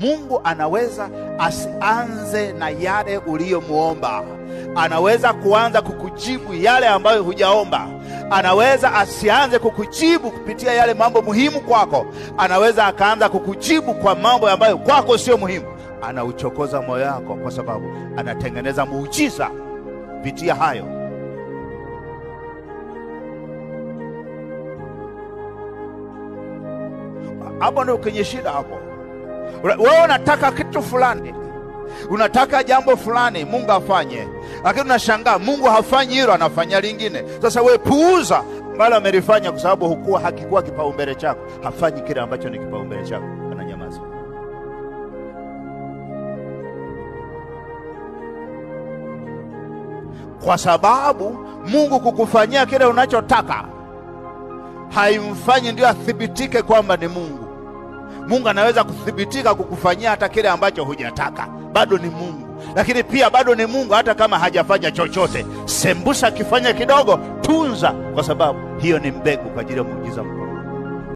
Mungu anaweza asianze na yale uliyomuomba anaweza kuanza kukujibu yale ambayo hujaomba. Anaweza asianze kukujibu kupitia yale mambo muhimu kwako, anaweza akaanza kukujibu kwa mambo ambayo kwako sio muhimu. Anauchokoza moyo wako, kwa sababu anatengeneza muujiza kupitia hayo. Hapo ndio kwenye shida hapo. Wewe unataka kitu fulani, unataka jambo fulani Mungu afanye, lakini unashangaa Mungu hafanyi hilo, anafanya lingine. Sasa wewe puuza ambalo amelifanya, kwa sababu hukuwa hakikuwa kipaumbele chako. Hafanyi kile ambacho ni kipaumbele chako, ananyamaza. Kwa sababu Mungu kukufanyia kile unachotaka haimfanyi ndio athibitike kwamba ni Mungu. Mungu anaweza kuthibitika kukufanyia hata kile ambacho hujataka, bado ni Mungu. Lakini pia bado ni Mungu hata kama hajafanya chochote. Sembusa akifanya kidogo, tunza, kwa sababu hiyo ni mbegu kwa ajili ya muujiza mkuu.